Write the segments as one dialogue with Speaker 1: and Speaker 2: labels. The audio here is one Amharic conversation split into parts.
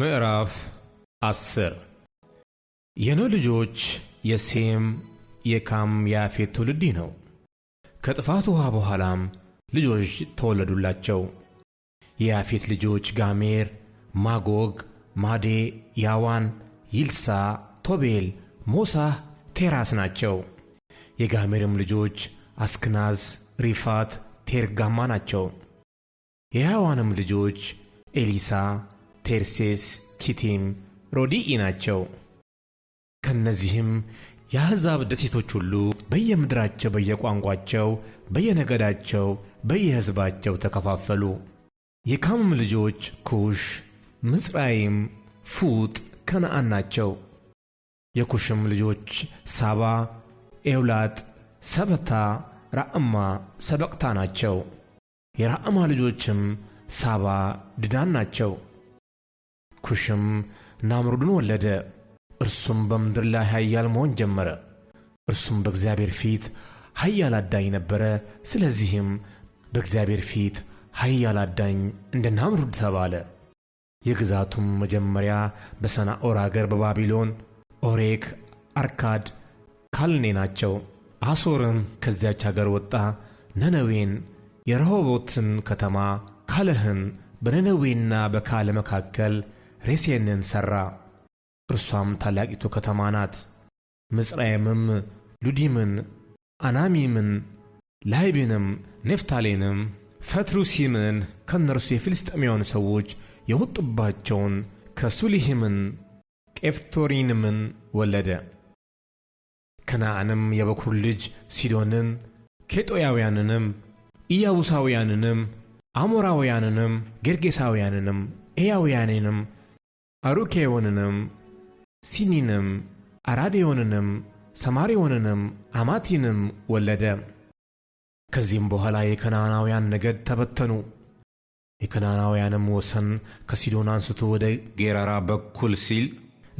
Speaker 1: ምዕራፍ አስር የኖ ልጆች የሴም፣ የካም፣ የአፌት ትውልድ ይህ ነው። ከጥፋት ውኃ በኋላም ልጆች ተወለዱላቸው። የያፌት ልጆች ጋሜር፣ ማጎግ፣ ማዴ፣ ያዋን፣ ይልሳ፣ ቶቤል፣ ሞሳህ፣ ቴራስ ናቸው። የጋሜርም ልጆች አስክናዝ፣ ሪፋት፣ ቴርጋማ ናቸው። የያዋንም ልጆች ኤሊሳ ቴርሴስ፣ ኪቲም፣ ሮዲኢ ናቸው። ከእነዚህም የአሕዛብ ደሴቶች ሁሉ በየምድራቸው በየቋንቋቸው፣ በየነገዳቸው፣ በየሕዝባቸው ተከፋፈሉ። የካምም ልጆች ኩሽ፣ ምጽራይም፣ ፉጥ፣ ከነአን ናቸው። የኩሽም ልጆች ሳባ፣ ኤውላጥ፣ ሰበታ፣ ራእማ፣ ሰበቅታ ናቸው። የራእማ ልጆችም ሳባ፣ ድዳን ናቸው። ኩሽም ናምሩድን ወለደ። እርሱም በምድር ላይ ኃያል መሆን ጀመረ። እርሱም በእግዚአብሔር ፊት ኃያል አዳኝ ነበረ። ስለዚህም በእግዚአብሔር ፊት ኃያል አዳኝ እንደ ናምሩድ ተባለ። የግዛቱም መጀመሪያ በሰናዖር አገር በባቢሎን ኦሬክ፣ አርካድ፣ ካልኔ ናቸው። አሶርም ከዚያች አገር ወጣ። ነነዌን፣ የረሆቦትን ከተማ፣ ካለህን በነነዌና በካለ መካከል ሬሴንን ሠራ። እርሷም ታላቂቱ ከተማ ናት። ምጽራይምም ሉዲምን፣ አናሚምን፣ ላይቢንም፣ ኔፍታሌንም፣ ፈትሩሲምን ከእነርሱ የፊልስጤማውያን ሰዎች የወጡባቸውን ከሱሊሂምን ቄፍቶሪንምን ወለደ። ከነዓንም የበኩር ልጅ ሲዶንን፣ ኬጦያውያንንም፣ ኢያቡሳውያንንም፣ አሞራውያንንም፣ ጌርጌሳውያንንም፣ ኤያውያንንም የሆንንም ሲኒንም አራዴዎንንም የሆንንም አማቲንም ወለደ። ከዚህም በኋላ የከናናውያን ነገድ ተበተኑ። የከናናውያንም ወሰን ከሲዶን አንስቶ ወደ ጌራራ በኩል ሲል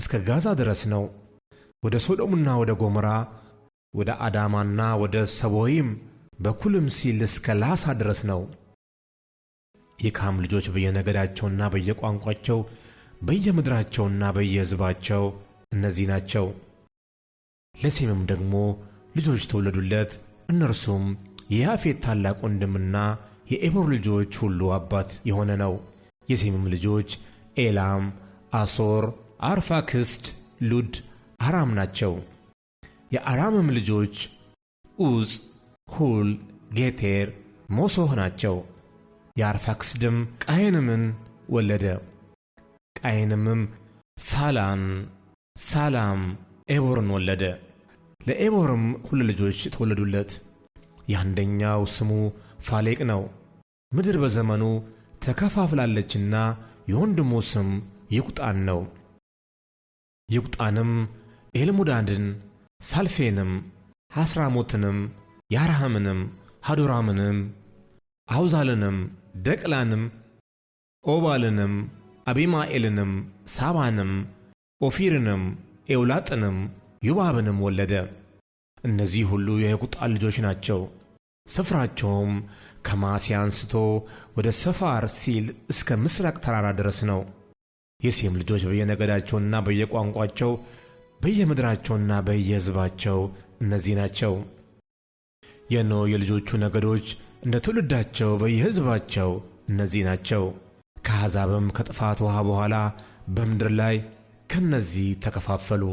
Speaker 1: እስከ ጋዛ ድረስ ነው። ወደ ሶዶምና ወደ ጎሞራ፣ ወደ አዳማና ወደ ሰቦይም በኩልም ሲል እስከ ላሳ ድረስ ነው። የካም ልጆች በየነገዳቸውና በየቋንቋቸው በየምድራቸውና በየሕዝባቸው እነዚህ ናቸው። ለሴምም ደግሞ ልጆች ተወለዱለት፤ እነርሱም የያፌት ታላቅ ወንድምና የኤቦር ልጆች ሁሉ አባት የሆነ ነው። የሴምም ልጆች ኤላም፣ አሶር፣ አርፋክስድ፣ ሉድ፣ አራም ናቸው። የአራምም ልጆች ዑፅ፣ ሁል፣ ጌቴር፣ ሞሶህ ናቸው። የአርፋክስድም ቃየንምን ወለደ። ቃየንምም ሳላን ሳላም ኤቦርን ወለደ። ለኤቦርም ሁለት ልጆች ተወለዱለት። የአንደኛው ስሙ ፋሌቅ ነው፣ ምድር በዘመኑ ተከፋፍላለችና የወንድሙ ስም ይቁጣን ነው። ይቁጣንም ኤልሙዳድን፣ ሳልፌንም፣ ሐስራሞትንም፣ ያርሃምንም፣ ሃዶራምንም፣ አውዛልንም፣ ደቅላንም፣ ኦባልንም አቢማኤልንም ሳባንም ኦፊርንም ኤውላጥንም ዩባብንም ወለደ። እነዚህ ሁሉ የዮቅጣን ልጆች ናቸው። ስፍራቸውም ከማስያ አንስቶ ወደ ሰፋር ሲል እስከ ምስራቅ ተራራ ድረስ ነው። የሴም ልጆች በየነገዳቸውና በየቋንቋቸው በየምድራቸውና በየሕዝባቸው እነዚህ ናቸው። የኖ የልጆቹ ነገዶች እንደ ትውልዳቸው በየሕዝባቸው እነዚህ ናቸው። አሕዛብም ከጥፋት ውሃ በኋላ በምድር ላይ ከእነዚህ ተከፋፈሉ።